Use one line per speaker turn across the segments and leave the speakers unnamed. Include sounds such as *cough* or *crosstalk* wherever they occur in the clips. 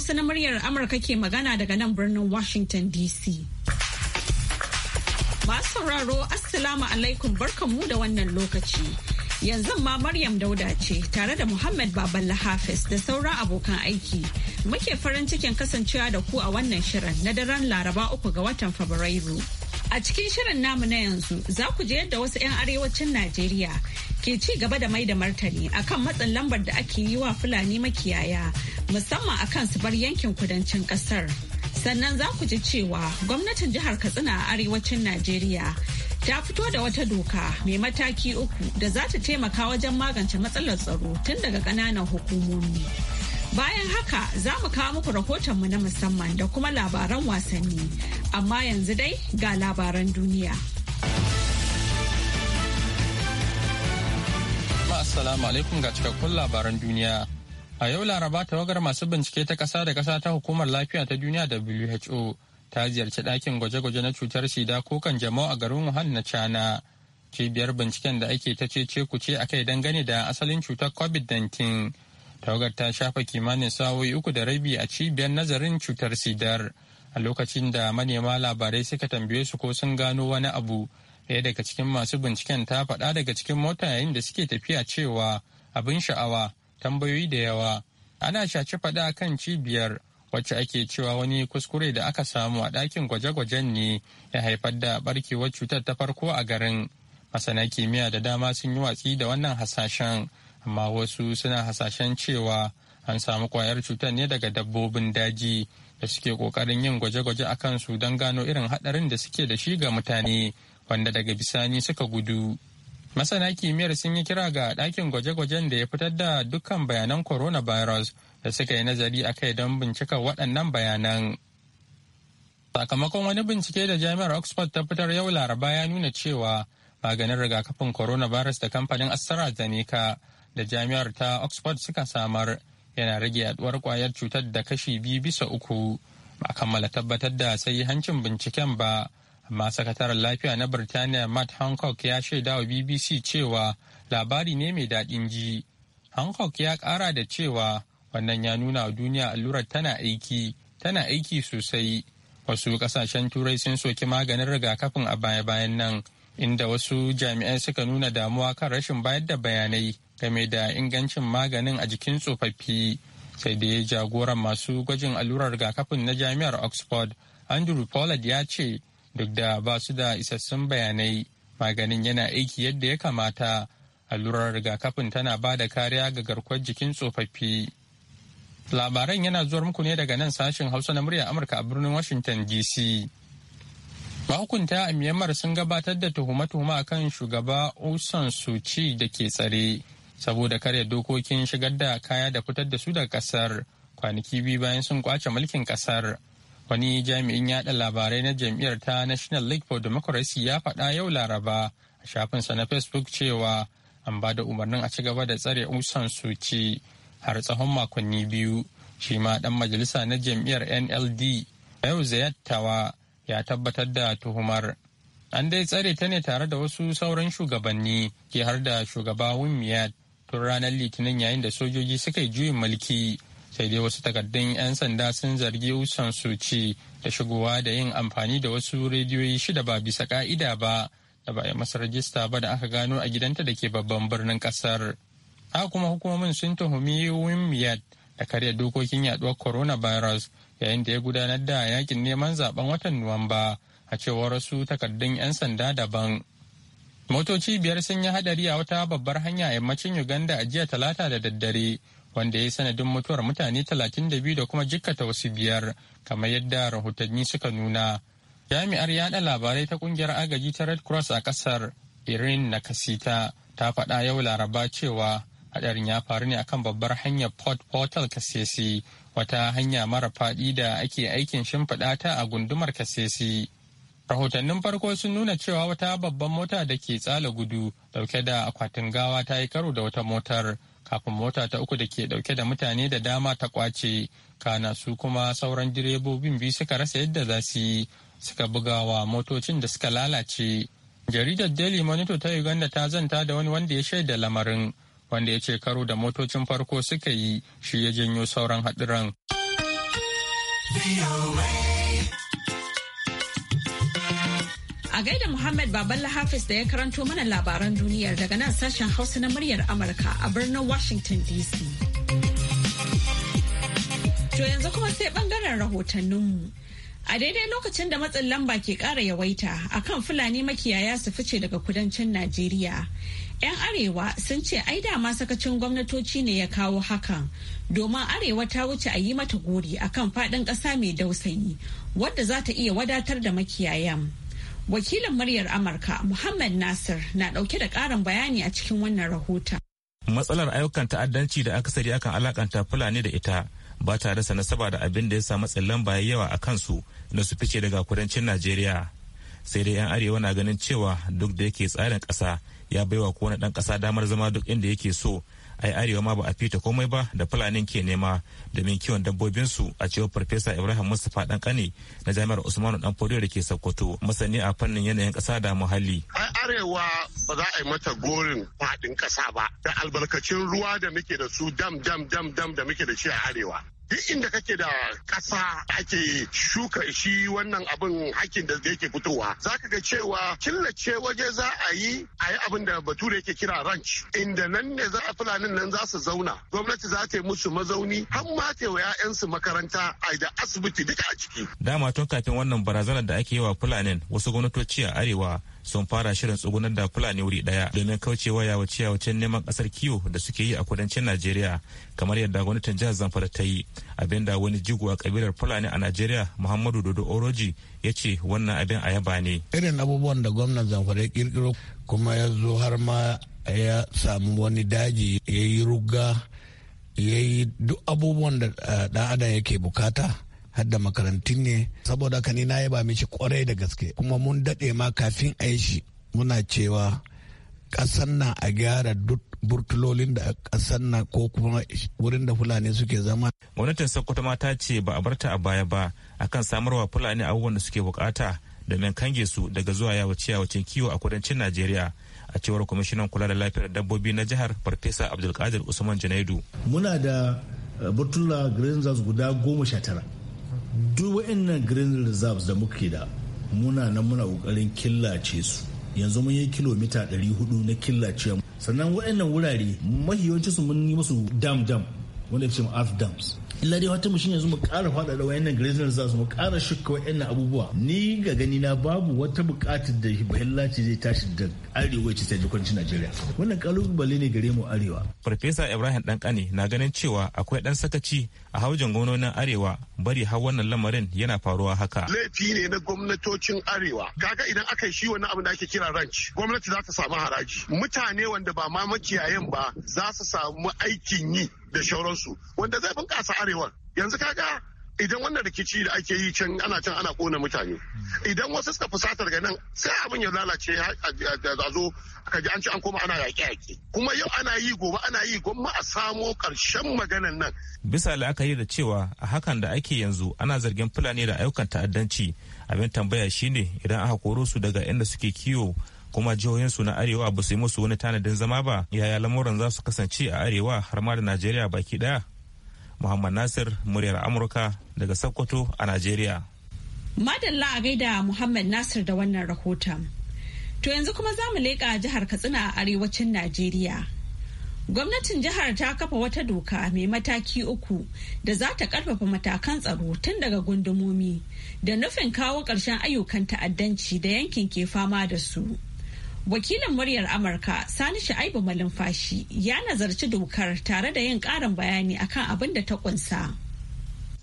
Hausa na muryar Amurka ke magana daga nan birnin Washington DC. Masu sauraro Assalamu alaikum barkanmu da wannan lokaci. Yanzu ma Maryam Dauda ce tare da Muhammad Baballa Hafiz da sauran abokan aiki. Muke farin cikin kasancewa da ku a wannan shirin na daren Laraba uku ga watan Fabrairu. A cikin shirin namu na yanzu za ku je yadda wasu 'yan arewacin Najeriya ke ci gaba da mai da martani akan matsin lambar da ake yi wa Fulani makiyaya musamman akan su bar yankin kudancin kasar. Sannan za ku ji cewa gwamnatin jihar Katsina a arewacin Najeriya ta fito da wata doka mai mataki uku da za ta taimaka wajen magance matsalar tsaro tun daga ƙananan hukumomi. Bayan haka za mu kawo muku rahotonmu na musamman da kuma labaran wasanni. amma yanzu dai ga labaran duniya.
Assalamu alaikum ga cikakkun labaran duniya. A yau Laraba tawagar masu bincike ta ƙasa da ƙasa ta hukumar lafiya ta duniya WHO ta ziyarci ɗakin gwaje-gwaje na cutar shida ko kan jama'u a garin Wuhan na China. Cibiyar binciken da ake ta cece kuce a kai dangane da asalin cutar COVID-19. Tawagar ta shafa kimanin sa'o'i uku da rabi a cibiyar nazarin cutar sidar. a lokacin da manema labarai suka tambaye su ko sun gano wani abu ɗaya daga cikin masu binciken ta faɗa daga cikin mota yayin da suke tafiya cewa abin sha'awa tambayoyi da yawa ana shaci faɗa kan cibiyar wacce ake cewa wani kuskure da aka samu a ɗakin gwaje-gwajen ne ya haifar da barkewar cutar ta farko a garin masana kimiyya da dama sun yi watsi da wannan hasashen amma wasu suna hasashen cewa an samu kwayar cutar ne daga dabbobin daji da suke kokarin yin gwaje-gwaje a kansu don gano irin haɗarin da suke da shi ga mutane wanda daga bisani suka gudu. Masana kimiyyar sun yi kira ga ɗakin gwaje-gwajen da ya fitar da dukkan bayanan coronavirus da suka yi nazari a kai don bincika waɗannan bayanan. Sakamakon wani bincike da jami'ar Oxford ta fitar yau Laraba ya nuna cewa maganin rigakafin coronavirus da kamfanin AstraZeneca da jami'ar ta Oxford suka samar yana rage yaduwar kwayar cutar da kashi biyu bisa uku ba kammala tabbatar da sai hancin binciken ba amma sakataren lafiya na birtaniya matt hancock ya shaida wa bbc cewa labari ne mai daɗin ji hancock ya ƙara da cewa wannan ya nuna wa duniya allurar tana aiki tana aiki sosai wasu ƙasashen turai sun soki maganin rigakafin a baya-bayan nan inda wasu jami'ai suka nuna damuwa kan rashin bayar da bayanai game da ingancin maganin a jikin tsofaffi sai da ya jagoran masu gwajin allurar rigakafin na jami'ar oxford andrew pollard ya ce duk da ba su da isassun bayanai maganin yana aiki yadda ya kamata allurar rigakafin tana ba da kariya ga garkuwar jikin tsofaffi labaran yana zuwa muku ne daga nan sashen hausa na murya amurka a birnin washington dc mahukunta a myanmar sun gabatar da tuhume-tuhume akan shugaba usan suci da ke tsare saboda karya dokokin shigar da kaya da fitar da su daga kasar kwanaki biyu bayan sun kwace mulkin kasar wani jami'in yada labarai na jam'iyyar ta national league for democracy ya faɗa yau laraba a shafinsa na facebook cewa an ba da umarnin a ci gaba da tsare usan suci har tsawon makonni biyu shi ma dan majalisa na jam'iyyar nld yau zayattawa ya tabbatar da tuhumar an dai tsare ta ne tare da wasu sauran shugabanni ke har da shugaba wimiyat tun ranar litinin yayin da sojoji suka yi juyin mulki sai dai wasu takardun 'yan sanda sun zargi usan soci da shigowa da yin amfani da wasu rediyoyi shida ba bisa ka'ida ba da ba a masa rajista ba da aka gano a gidanta da ke babban birnin kasar haka kuma hukumomin sun tuhumi miyat da karya dokokin yaduwar coronavirus yayin da ya gudanar da yakin neman zaben watan nuwamba a cewar wasu takardun 'yan sanda daban motoci biyar sun yi hadari a wata babbar hanya a yammacin uganda a jiya talata da daddare wanda ya yi sanadin mutuwar mutane 32 da kuma jikkata wasu biyar kamar yadda rahotanni suka nuna jami'ar yada labarai ta ƙungiyar agaji ta red cross a ƙasar irin na kasita ta faɗa yau laraba cewa hadarin ya faru ne akan babbar hanyar port portal kasesi wata hanya mara faɗi da ake aikin shimfiɗa ta a gundumar kasesi rahotannin farko sun nuna cewa wata babban mota da ke tsala gudu dauke da akwatin gawa ta yi karo da wata motar kafin mota ta uku da ke dauke da mutane da dama ta kwace kana su kuma sauran direbobin biyu suka rasa yadda za su yi suka bugawa motocin da suka lalace jaridar daily monitor ta uganda ta zanta da wani wanda ya shaida lamarin wanda ya ce karo da motocin farko suka yi shi ya janyo sauran haɗuran.
A gaida Muhammad Baballa Hafiz da ya karanto mana labaran duniyar daga nan sashen Hausa na muryar Amurka a birnin Washington DC. To yanzu kuma sai bangaren rahotanninmu. A daidai lokacin da matsin lamba ke ƙara yawaita akan Fulani makiyaya su fice daga kudancin Najeriya. 'Yan Arewa sun ce ai dama sakacin gwamnatoci ne ya kawo hakan domin Arewa ta wuce a yi mata gori akan faɗin ƙasa mai dausayi wadda za ta iya wadatar da makiyayan. Wakilin muryar Amurka Muhammad Nasir na dauke da karin bayani a cikin wannan rahoton.
Matsalar ayyukan ta'addanci da akasari akan alakanta Fulani da ita ba ta da nasaba da abin da ya sa matsin lamba ya yawa a kansu na su fice daga kudancin Najeriya. Sai dai 'yan arewa na ganin cewa duk da yake tsarin ƙasa ya baiwa kowane ɗan ƙasa damar zama duk inda yake so ai arewa ma ba a fita komai ba da fulanin ke nema domin kiwon dabbobinsu a cewar farfesa ibrahim mustapha dan kane na jami'ar usmanu dan da ke sokoto masani a fannin yanayin kasa da muhalli
ai arewa ba za a yi mata gorin faɗin kasa ba da albarkacin ruwa da muke da su dam dam dam dam da muke da shi a arewa duk inda kake da ƙasa ake shuka shi wannan abin hakin da yake fitowa za ka ga cewa killace waje za a yi a yi abin da bature yake kira ranch inda nan ne za a fulanin nan za su zauna gwamnati za ta yi musu mazauni har ma ta wa 'ya'yansu makaranta a da asibiti duka a ciki.
dama tun kafin wannan barazanar da ake yi wa fulanin wasu gwamnatoci a arewa sun fara shirin tsugunar da fulani wuri daya domin kaucewa yawace yawacen neman kasar kiwo da suke yi a kudancin najeriya kamar yadda gwamnatin jihar zamfara ta yi abinda wani jigo a kabilar fulani a najeriya muhammadu dodo oroji ya ce wannan abin a yaba ne irin abubuwan da
gwamnan zamfara ya kirkiro kuma ya zo har ma ya samu wani daji ya yi ruga ya yi duk abubuwan da eh, dan adam yake bukata har da makarantun ne saboda haka ni na yaba mishi kwarai da gaske kuma mun daɗe ma kafin a yi shi muna cewa ƙasan na a gyara duk burtulolin da ƙasar na ko kuma wurin da fulani suke zama.
gwamnatin sokoto mata ce ba a barta a baya ba akan samarwa fulani abubuwan da suke bukata domin kange su daga zuwa yawo ciyawacin kiwo a kudancin najeriya a cewar kwamishinan kula da lafiyar dabbobi na jihar farfesa abdulkadir usman janaidu
muna da eh, burtula grazers guda goma sha tara duk wa'annan green reserves da muke da muna nan muna kokarin killace su yanzu mun yi kilomita 400 na killace sannan wa'annan wurare mahiyawanci mun yi musu dam dam wanda ya earth dams illa dai wata mushin yanzu mu kara ƙara faɗaɗa wayannan grazers za su mu kara shukka wayannan abubuwa ni ga gani na babu wata buƙatar da bahillaci zai tashi da arewa ce sai kwancin Najeriya wannan kalubale ne gare mu arewa
Farfesa Ibrahim Dankane na ganin cewa akwai dan sakaci a haujin gononin arewa bari har wannan lamarin yana faruwa haka
laifi ne na gwamnatocin arewa kaga idan aka yi shi wani abu da ake kira ranch gwamnati za ta samu haraji mutane wanda ba ma makiyayen ba za su samu aikin yi da shauransu wanda zai bunƙasa arewa yanzu kaga idan wannan rikici da ake yi can ana can ana kona mutane idan wasu suka fusatar ga nan sai abin ya lalace a zo ka ji an ci an koma ana yaƙe yaƙe kuma yau ana yi gobe ana yi gwamma a samo karshen maganan nan
bisa la'akari da cewa a hakan da ake yanzu ana zargin fulani da ayyukan ta'addanci abin tambaya shine idan aka koro su daga inda suke kiwo kuma jihohinsu na arewa ba su yi musu wani tanadin zama ba yaya lamuran za su kasance a arewa har ma da najeriya baki daya muhammad nasir muryar amurka daga sokoto a najeriya
madalla a gaida muhammad nasir da wannan rahoton to yanzu kuma za mu leƙa jihar katsina a arewacin najeriya gwamnatin jihar ta kafa wata doka mai mataki uku da za ta karfafa matakan tsaro tun daga gundumomi da nufin kawo ƙarshen ayyukan ta'addanci da yankin ke fama da su. Wakilin muryar Amurka Sani Sha'ibu Malumfashi ya nazarci dokar tare da yin karin bayani akan abin da ta kunsa.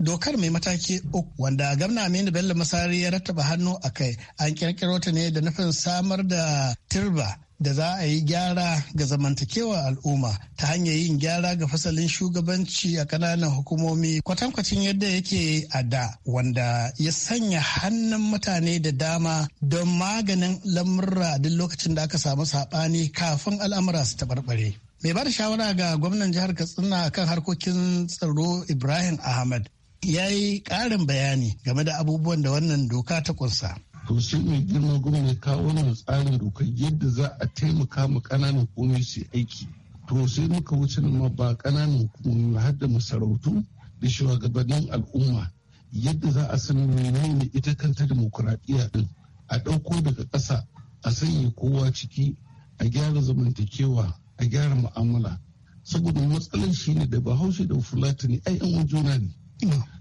Dokar mai mataki uku wanda gamna Aminu Bello Masari ya rattaba hannu a kai an kirkiro ta ne da nufin samar da turba. da za a yi gyara ga zamantakewa al'umma ta hanyar yin gyara ga fasalin shugabanci a kananan hukumomi kwatankwacin yadda yake a da wanda ya sanya hannun mutane da dama don maganin lamurra duk lokacin da aka samu saɓani kafin al'amura su taɓarɓare. mai ba da shawara ga gwamnan jihar katsina kan harkokin tsaro ibrahim ahmad ya yi ƙarin bayani game da abubuwan da wannan doka ta kunsa.
to sai mai girma gwamna ya kawo wannan tsarin dokar yadda za a taimaka ma kananan hukumomi su aiki to sai muka wuce ma ba kananan hukumomi ba har da masarautu da shugabannin al'umma yadda za a san menene ita kanta demokuraɗiyya din a ɗauko daga ƙasa a sanya kowa ciki a gyara zamantakewa a gyara mu'amala saboda matsalar shine da bahaushe da fulatani ai yan juna ne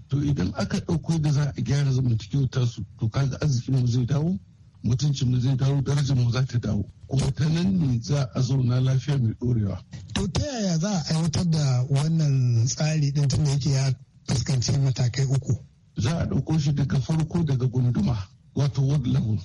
to idan aka ɗauko da za a gyara zamantakewar su to kaga arzikin mu zai dawo mutuncin mu zai dawo darajar mu za ta dawo kuma ta nan ne za a zauna lafiya mai ɗorewa.
to ta yaya za a aiwatar da wannan tsari ɗin tun da yake ya fuskanci matakai uku.
za a ɗauko shi daga farko daga gunduma wato
ward level.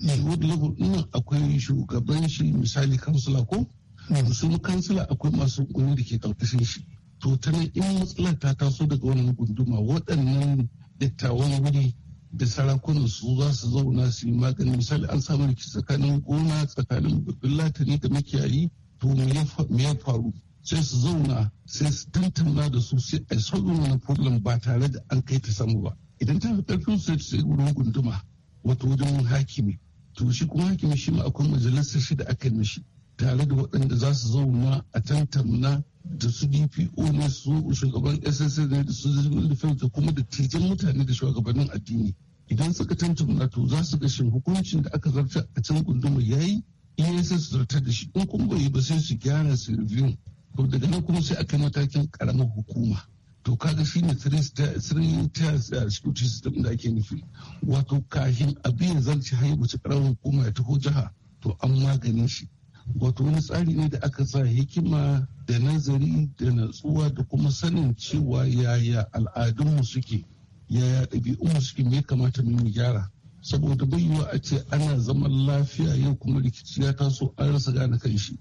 ne ward level ɗin
akwai shugaban shi misali kansila ko. Hmm. su kansila akwai masu ƙuri da ke ƙarƙashin shi. to ta in matsalar ta taso daga wannan gunduma waɗannan dattawan wuri da sarakunan su za su zauna su yi magani misali an samu rikici tsakanin gona tsakanin babban latani da makiyayi to me ya faru sai su zauna sai su tantana da su sai a sauyi wani problem ba tare da an kai ta samu ba idan ta fi karfin su sai wurin gunduma wato wajen hakimi to shi kuma hakimi shi ma akwai majalisar shi da aka mishi tare da waɗanda za su zauna a tantamna da su dpo ne su shugaban ssa ne da su defense da kuma da mutane da shugabannin addini idan suka tantamna to za su ga shin hukuncin da aka zarta a can gunduma ya yi iya sai su zartar da shi in kuma bai yi ba sai su gyara su review to daga nan kuma sai a kai matakin karamar hukuma to kaga shi ne three tiers a eh, security system da ake nufi wato kahin abin zarci haihu karamar hukuma ya taho jiha to an maganin shi wato wani tsari ne da aka sa hikima da nazari da natsuwa da kuma sanin cewa yaya al'adunmu suke yaya ɗabi'unmu suke me kamata mu gyara saboda bai a ce ana zaman lafiya yau kuma rikici ya taso an rasa gane kan shi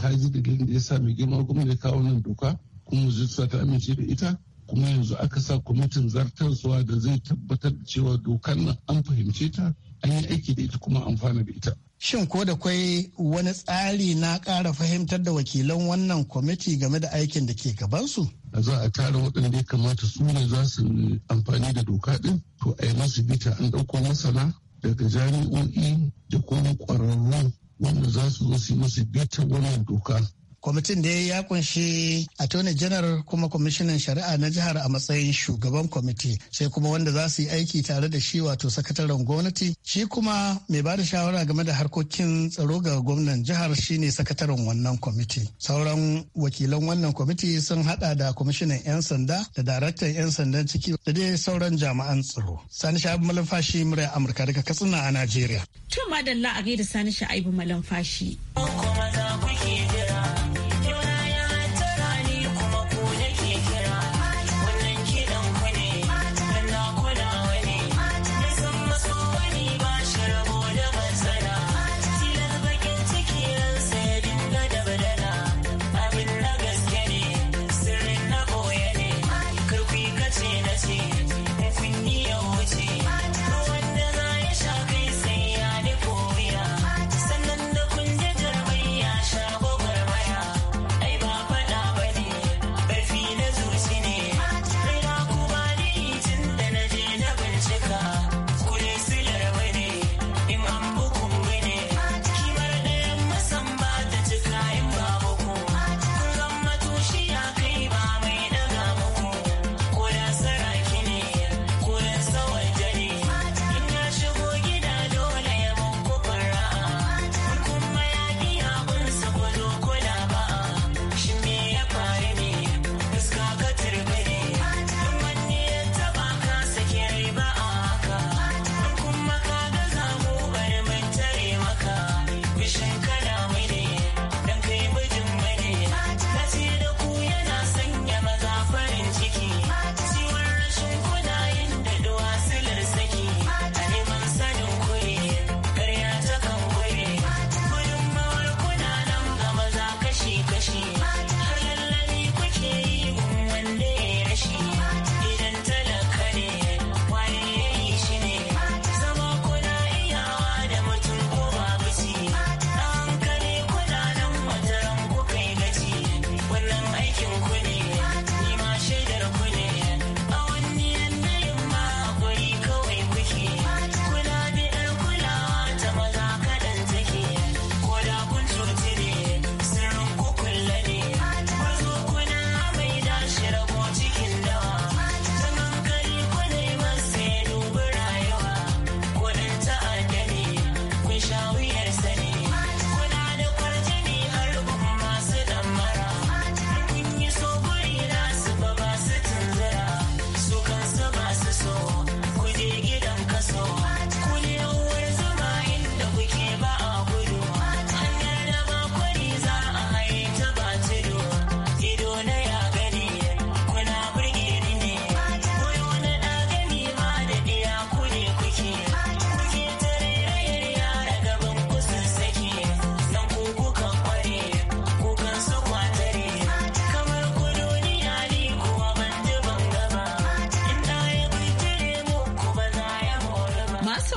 ka ji dalilin da ya sa mai girma gwamna ya kawo nan doka kuma zuciya ta amince da ita kuma yanzu aka sa kwamitin zartarsuwa da
zai tabbatar da cewa dokar nan
an fahimce ta an yi aiki da ita kuma amfana da ita.
Shin ko da kwai wani tsari na ƙara fahimtar da wakilan wannan kwamiti game da aikin da ke gabansu?
Za a tara waɗanda ya kamata su ne za su amfani da doka ɗin, to a yi masu bita an ɗauko masana daga jami'o'i da kuma
ƙwararru
wanda za su zo su yi masu bita wannan doka
kwamitin da ya kunshi attorney general kuma kwamishinan shari'a na jihar a matsayin shugaban kwamiti sai kuma wanda za su yi aiki tare da shi wato sakataren gwamnati shi kuma mai ba da shawara game da harkokin tsaro ga gwamnan jihar shine sakataren wannan kwamiti sauran wakilan wannan kwamiti sun hada da kwamishinan 'yan sanda da daraktan 'yan sandan ciki da dai sauran jami'an tsaro sani sha'ibu malamfashi murya amurka daga katsina a najeriya
tun madalla a gaida sani sha'ibu malamfashi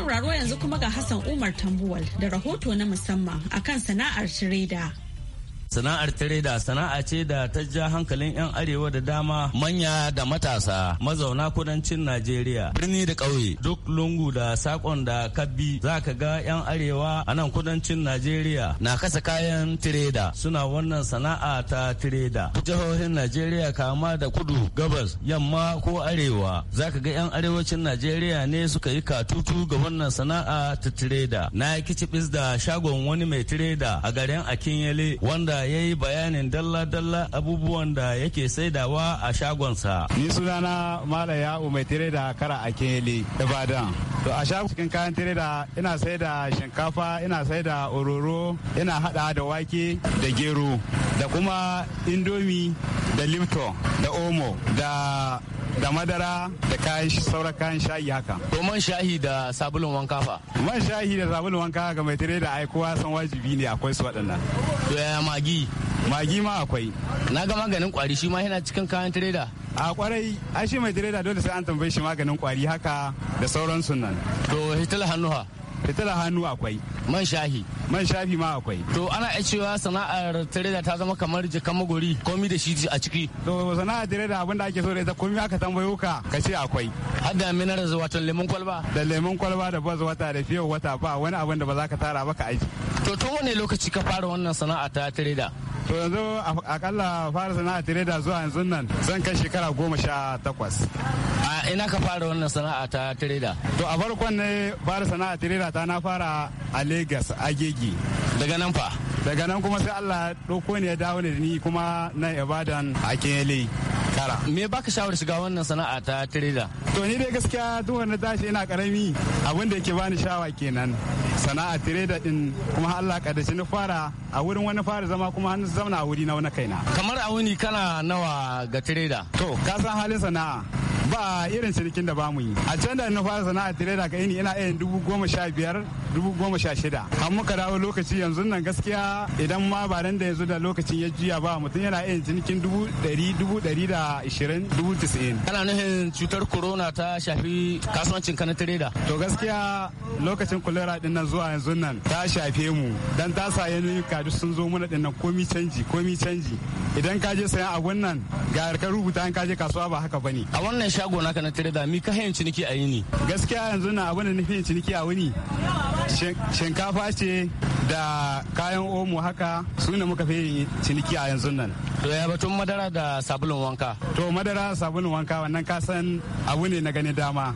sauraro yanzu kuma ga Hassan Umar Tambuwal da rahoto na musamman akan sana'ar tireda.
sana'ar tireda sana'a ce da ta ja hankalin 'yan arewa da dama manya da matasa mazauna kudancin najeriya birni da ƙauye duk lungu da sakon da kabi za ka ga 'yan arewa a nan kudancin najeriya na kasa kayan tireda suna wannan sana'a ta tireda jihohin najeriya kama da kudu gabas yamma ko arewa za ka ga 'yan arewacin najeriya ne suka yi katutu ga wannan sana'a ta tireda na kicibis da shagon wani mai tireda a garin akinyele wanda ya yi bayanin dalla-dalla abubuwan da yake saidawa a shagonsa. Ni
sunana Malaya mai tire da kara a kele Ibadan. To a shagon cikin kayan tire da ina sai da shinkafa, ina sai da ororo, ina hada da wake da gero da kuma indomi da limto da omo da da madara da kayan sauran kayan shayi haka. To man shahi da sabulun wanka fa? Man shahi da sabulun wanka ga mai tare da aikowa san wajibi ne akwai su waɗannan. To ya magi magi ma akwai na ga maganin kwari shi ma yana cikin kayan tireda a kwarai ai shi mai tireda dole sai an tambaye shi maganin kwari haka da sauransu nan to hitil hannuwa fitila hannu akwai man shahi man shafi ma akwai to ana iya cewa sana'ar tireda ta zama kamar jikan magori komi da shi a ciki to sana'ar tireda abinda da ake so da ita komi aka tambayo ka ka ce akwai har da minar watan lemon kwalba da lemon kwalba da baz wata da fiyo wata ba wani abin da ba za ka tara ba ka aiki to tun wane lokaci ka fara wannan sana'a ta tireda to yanzu akalla fara sana'a da zuwa yanzu nan zan kai shekara goma sha takwas a ina ka fara wannan sana'a ta da? to a farkon ne fara sana'a da ta na fara a a agege daga nan fa daga nan kuma sai allah ɗauko ne ya dawo ne ni kuma na ibadan a kenyele Kara. Me baka shawar shiga wannan sana'a ta da? To ni dai gaskiya duk wani tashi ina karami abinda da bani shawa kenan. sana'a da din kuma Allah ka dace ni fara a wurin wani fara zama kuma hannu zauna a wuri na wani kaina kamar a wuni kana nawa ga da to ka san halin sana'a ba irin cinikin da ba mu yi a can da na fara sana'a da ka ini ina yin dubu goma sha biyar dubu goma sha shida an muka dawo lokaci yanzu nan gaskiya idan ma ba nan da yanzu da lokacin ya juya ba mutum yana yin cinikin dubu dari dubu dari da ishirin dubu tisa'in. kana nufin cutar corona ta shafi kasuwancin ka na da. to gaskiya lokacin kulera din nan zuwa yanzu nan ta shafe mu dan ta sa yanayin kadu sun zo mana din nan komi canji komi canji idan ka je sayan abun nan ga ka rubuta an ka je kasuwa ba haka bane a wannan shago naka na tare da mi ka hayan ciniki a yini gaskiya yanzu na abin da nufin ciniki a wuni shinkafa ce da kayan omo haka su ne muka fi ciniki a yanzu nan. To ya batun madara da sabulun wanka? To madara da sabulun wanka wannan kasan abu ne na gani dama.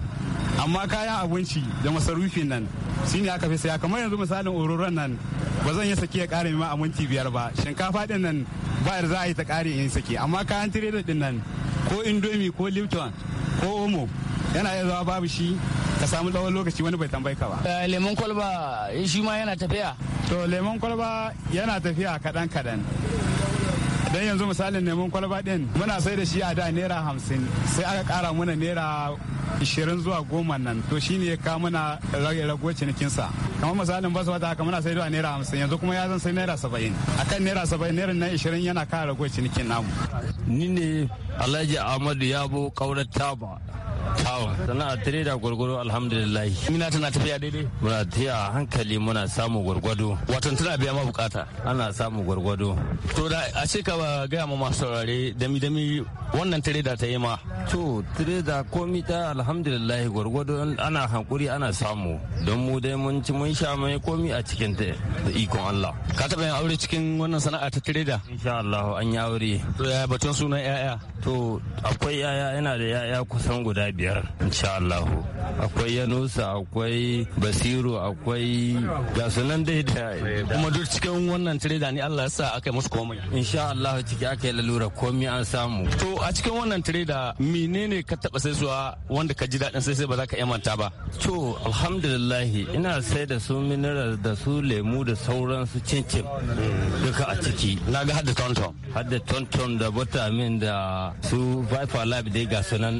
Amma kayan abinci da masarufin nan shi ne aka fi saya kamar yanzu misalin ororon nan ba zan yi sake ya kare ma a minti biyar ba shinkafa din nan ba za a yi ta kare in sake amma kayan tire din nan ko indomi ko lipton ko omo yana iya zama babu shi ka samu tsawon lokaci wani bai tambayi ka ba. Eh, lemon kwalba shi ma yana tafiya? to lemon kwalba yana tafiya kaɗan kaɗan don yanzu misalin neman kwalba din muna sai da shi a da naira hamsin sai aka kara mana naira ishirin zuwa goma nan to shine ya kawo mana rago cinikinsa kamar misalin basu wata haka muna sai da naira hamsin yanzu kuma ya zan sai naira saba'in akan naira saba'in naira na ishirin yana kara rago cinikin namu ni ne alhaji ahmadu yabo kaurar taba Awa, tare
da gwargwado alhamdulillah. Mina tana tafiya daidai? Muna tafiya a hankali muna samu gwargwado. Watan tana biya ma bukata? Ana samu gwargwado. To da a ce ka gaya ma masu saurare dami dami wannan da ta yi ma. To da komi ta alhamdulillah gwargwado ana hankuri ana samu. Don mu dai mun ci mun sha mai komi a cikin ta da ikon Allah. Ka taɓa yin aure cikin wannan sana'a ta tare da? Insha Allah an yi aure. To yaya batun sunan 'ya'ya? To akwai 'ya'ya yana da 'ya'ya kusan guda biyar insha Allah akwai Yanusa akwai Basiru akwai ga sunan dai da kuma duk cikin wannan tireda ni Allah ya sa aka yi musu komai insha Allah ciki aka yi lalura komai an samu to a cikin wannan tireda menene ka taba sai suwa wanda ka ji daɗin sai sai ba za ka manta ba to alhamdulillah ina sai da su mineral da su lemu da sauransu cincin duka a ciki na ga hadda tonton hadda tonton da vitamin da su viper lab dai ga sunan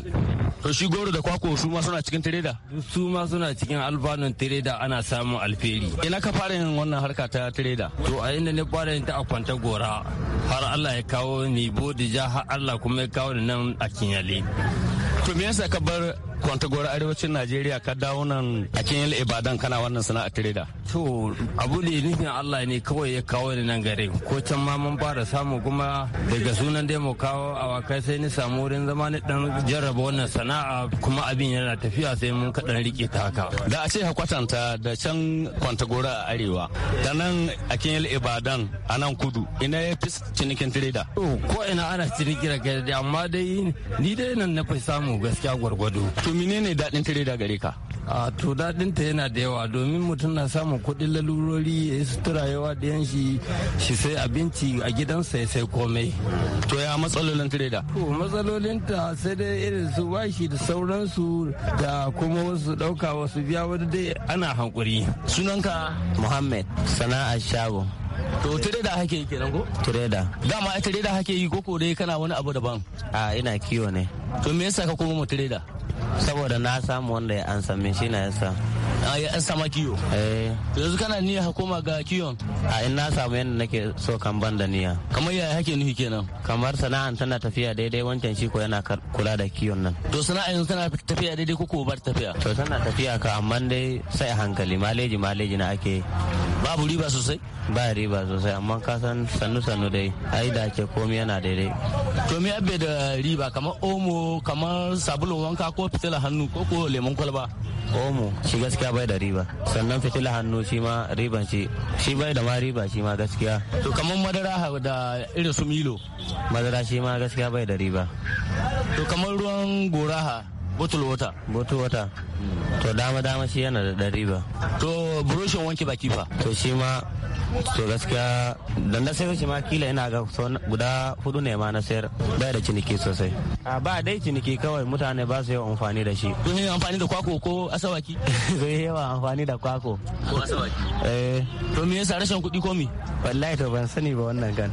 To shi goro da kwakwa su ma suna cikin tireda? Su ma suna cikin alfanun tireda ana samun alferi. Ina ka fara yin wannan harka ta tireda? To a inda ne fara yin ta a kwanta gora har Allah ya kawo ni bodija har Allah kuma ya kawo ni nan a kinyale. To me yasa ka bar kwantagoro arewacin najeriya ka dawo nan a kenyal ibadan kana wannan sana'a tireda to abu ne nufin allah ne kawai ya kawo ni nan gare ko can ma mun fara samu kuma daga sunan dai mu kawo awakai sai ni samu wurin zama ni dan jarraba wannan sana'a kuma abin yana tafiya sai mun kaɗan rike ta haka da a ce ka kwatanta da can a arewa da nan a kenyal ibadan a nan kudu ina ya fi cinikin tireda ko ina ana cinikin da amma dai ni dai nan na fi samu gaskiya gwargwado to menene daɗin tireda gare ka a to daɗin ta yana da yawa domin mutum na samun kuɗin lalurori ya yi sutura yawa da yan shi shi sai abinci a gidansa ya sai komai to ya matsalolin tireda to matsalolin ta sai dai irin su bashi da sauransu da kuma wasu ɗauka wasu biya wani dai ana hankuri sunanka muhammad sana'a shago To tireda hake yi kenan ko? Tireda. Dama tireda hake yi ko dai kana wani abu daban? A ina kiwo ne. To me yasa ka koma mu tireda? saboda na samu wanda ya ansa min shi na a ya ah, an sama kiyo eh yanzu kana niyya koma ga kiyon a in na samu yadda nake so kan ban da niyya kamar yaya hake nufi kenan kamar sana'an tana tafiya daidai wancan shi ko yana kula da kiyon nan to sana'a yanzu tana tafiya daidai ko ba tafiya to tana tafiya ka amma dai sai a hankali maleji maleji na ake babu riba sosai ba riba sosai amma ka san sannu sannu dai ai da ke komai yana daidai to me abbe da riba kamar omo kamar sabulun wanka ko fitila hannu ko ko lemon kwalba omo shi gaskiya bai da riba sannan fitila hannu shi ma riban shi shi bai da ma riba shi ma gaskiya to kamar madara da irin su milo madara shi ma gaskiya bai da riba to kamar ruwan goraha bottle water bottle water to dama dama shi yana da riba to burushin wanke baki fa to shi ma so gaskiya dan da sai ma kila ina ga guda hudu ne ma na sayar ba da ciniki sosai ah, ba dai ciniki kawai mutane ba su yi amfani da shi kun yi amfani da kwako ko asawaki zai *laughs* yawa amfani da kwako ko asawaki eh to me yasa rashin kuɗi ko me wallahi to ban sani ba wannan gan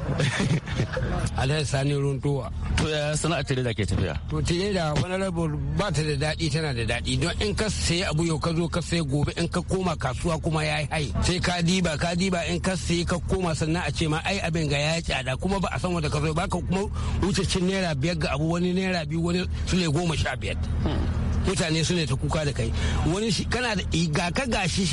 *laughs* alhaji sani runtuwa to ya sana'ar tare da ke tafiya to tare da wani rabu ba ta da daɗi tana da daɗi don in ka sayi abu yau ka zo ka sayi gobe in ka koma kasuwa kuma ya yi hai sai ka diba ka diba in ka sai ka koma sannan a ce ma ai abin ga ya tsada kuma ba a san wanda ka zo ba ka kuma wuce cin naira biyar ga abu wani naira biyu wani su ne goma sha biyar mutane su ne ta kuka da kai wani shi kana da ga ka gashi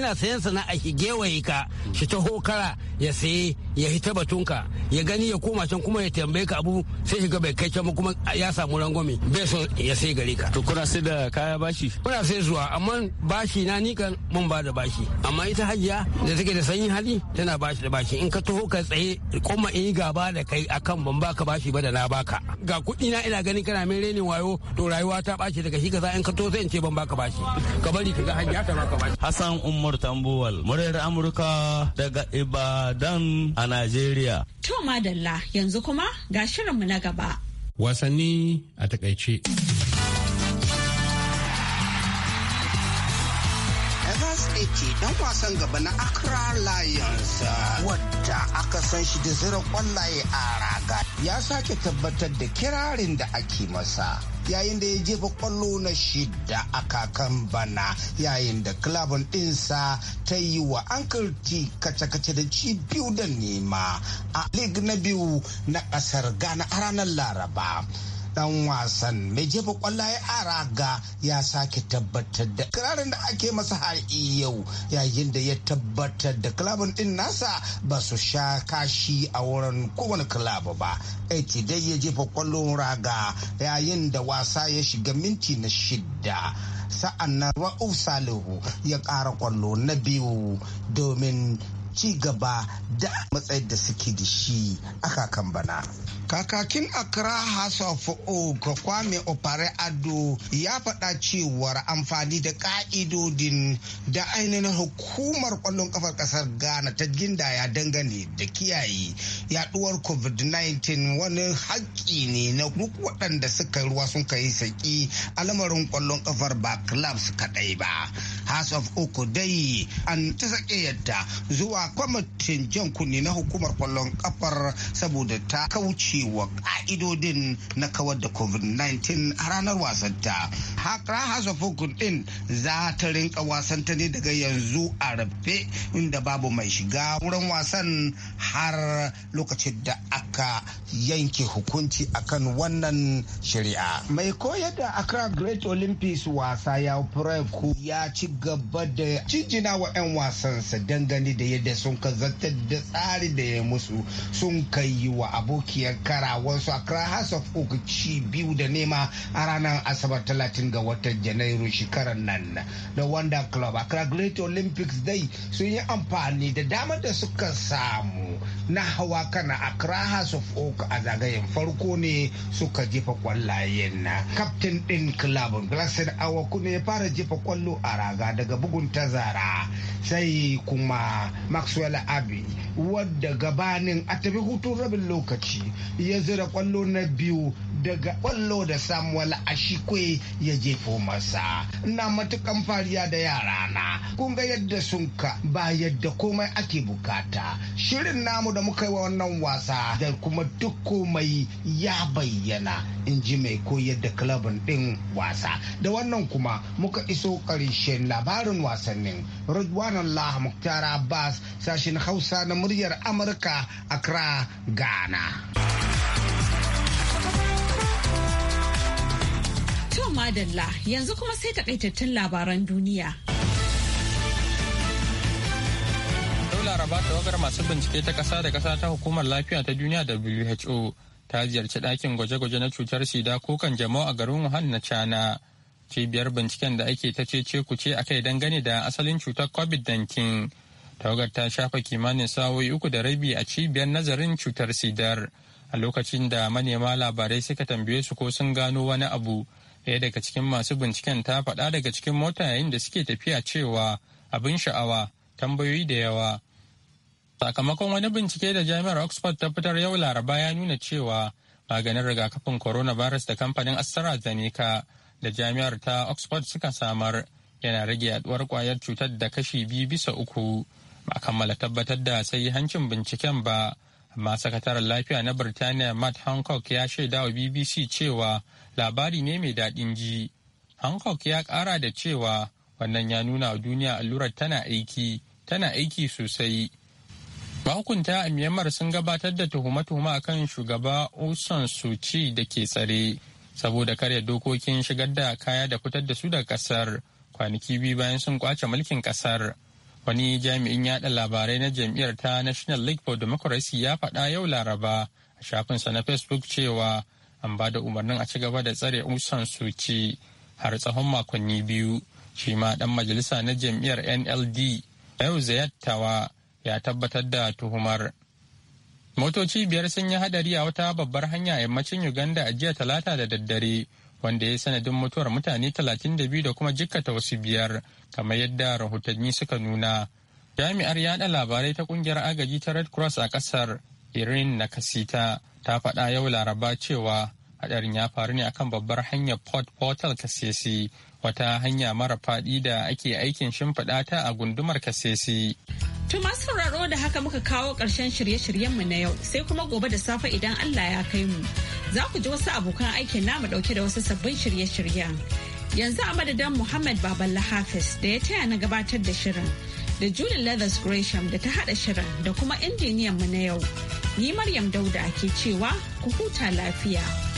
na sayan sana'a shi gewaye ka shi ta hokara ya saye ya hita batunka ya gani ya koma can kuma ya tambaye ka abu sai shiga bai kai can kuma ya samu rangwame bai so ya sai gare ka. To kuna sai da kaya bashi? Kuna sai zuwa amma bashi na ni kan mun ba da bashi amma ita hajiya da take da sanyin hali tana bashi da bashi in ka taho ka tsaye kuma in yi gaba da kai akan ban baka bashi ba da na baka. Ga kuɗi na ina gani kana min renin wayo to rayuwa ta bashi daga shi kaza in ka taho sai in ce ban baka bashi ka bari ka ga hajiya ta baka bashi. Hassan Umar Tambuwal muryar Amurka daga Ibadan a a Najeriya.
To madalla yanzu kuma ga shirinmu na gaba.
Wasanni a takaice.
ce dan wasan gaba na Accra Lions wadda aka san shi da zira kwallaye a raga ya sake tabbatar da kirarin da ake masa yayin da ya jefa kwallo na shida a kakan bana yayin da klabin ɗinsa ta yi wa ankle t kace-kace da ci biyu da nema a lig na biyu na kasar ghana a ranar laraba dan wasan mai jefa kwallaye a raga ya sake tabbatar da kirarin da ake masa har yau yayin da ya tabbatar da kilabin din nasa ba su sha kashi a wurin kowane kilabu ba aiki dai ya jefa kwallon raga yayin da wasa ya shiga minti na shidda sa'an na ra'uf salihu ya ƙara kwallo na biyu domin ci gaba da matsayin da suke da shi a kakan bana Kakakin Accra House of Oak Kwame Opare Ado ya faɗa cewa amfani da ƙa'idodin da ainihin hukumar ƙwallon ƙafar ƙasar Ghana ta gindaya dangane da kiyaye yaduwar COVID-19 wani haƙƙi ne na duk waɗanda suka ruwa sun kai saki alamarin kwallon kafar ƙafar ba clubs kaɗai ba. House of Oak dai an ta sake yadda zuwa kwamitin jan kunne na hukumar kwallon ƙafar saboda ta kauce wa ka'idodin na kawar da covid-19 a ranar wasanta hakra hasafokun din za ta rinka wasanta ne daga yanzu a rabbe inda babu mai shiga wurin wasan har lokacin da aka yanke hukunci akan wannan shari'a mai koyar da accra great olympics wasa ya preku ya ci gaba da jinjina wa 'yan wasansa dangane da yadda sun ka da tsari da ya musu sun kai wa abokiyar a Accra House of Oak ci biyu da nema a ranar Asabar talatin ga watan Janairu shekarar nan. Da Wanda Club Accra Great Olympics dai sun yi amfani da damar da suka samu na hawa kana accra house of oak a zagayen farko ne suka jefa kwallayen na captain din club blessed awaku ne ya fara jefa kwallo a raga daga bugun tazara sai kuma maxwell abi wadda gabanin a tafi hutun rabin lokaci ya zira kwallo na biyu daga kwallo da samuel ashikwe ya jefo masa na matukan fariya da yara na kunga yadda sun ka ba yadda komai ake bukata shirin namu da muka yi wa wannan wasa da kuma duk komai ya bayyana in ji mai koyar da kilabin din wasa da wannan kuma muka iso ƙarshen labarin wasannin Rajwan Allah Muktar Abbas sashen Hausa na muryar Amurka a Accra Ghana.
madalla yanzu kuma sai takaitattun labaran duniya.
laraba tawagar masu bincike ta kasa da kasa ta hukumar lafiya ta duniya who ta ziyarci ɗakin gwaje-gwaje na cutar sida ko kan jama'a a garin wuhan na china cibiyar binciken da ake ta ce ku ce a kai dangane da asalin cutar covid-19 tawagar ta shafa kimanin sa'o'i uku da rabi a cibiyar nazarin cutar sidar a lokacin da manema labarai suka tambaye su ko sun gano wani abu Ɗaya daga cikin masu binciken ta faɗa daga cikin mota yayin da suke tafiya cewa abin sha'awa tambayoyi da yawa. Sakamakon wani bincike da jami'ar Oxford ta fitar yau Laraba ya nuna cewa maganin rigakafin corona virus da kamfanin AstraZeneca da jami'ar ta Oxford suka samar yana rage yaduwar kwayar cutar da kashi biyu bisa uku. Ba kammala tabbatar da sai hancin binciken ba amma sakataren lafiya na birtaniya matt hancock ya shaida wa bbc cewa labari ne mai daɗin ji hancock ya ƙara da cewa wannan ya nuna wa duniya allurar tana aiki tana aiki sosai mahukunta a myanmar sun gabatar da tuhume-tuhume kan shugaba osan suci da ke tsare saboda karya dokokin shigar da kaya da fitar da su daga kasar kwanaki biyu bayan sun kwace mulkin kasar wani jami'in yada labarai na jam'iyyar ta national league for democracy ya faɗa yau laraba a shafinsa na facebook cewa an ba da umarnin a ci gaba da tsare usan suci har tsawon makonni biyu shi ma dan majalisa na jam'iyyar nld yau zayattawa ya tabbatar da tuhumar motoci biyar sun yi hadari a wata babbar hanya yammacin uganda a jiya talata da daddare wanda ya sanadin mutuwar mutane 32 da kuma jikkata wasu biyar kamar yadda rahotanni suka nuna jami'ar yada labarai ta kungiyar agaji ta red cross a kasar irin nakasita ta faɗa yau laraba cewa hadarin ya faru ne akan babbar hanyar port portal kasesi wata hanya mara faɗi da ake aikin shimfiɗa ta a gundumar kasesi
To masu sauraro da haka muka kawo ƙarshen shirye-shiryenmu na yau sai kuma gobe da safe idan Allah ya kai mu. za ku ji wasu abokan aikin namu ɗauke da wasu sabbin shirye-shiryen. Yanzu a madadin Muhammad Baballa Hafiz da ya taya na gabatar da shirin, da Julie Leathers Gresham da ta haɗa shirin da kuma injiniyan mu na yau. Ni Maryam Dauda ke cewa ku huta lafiya.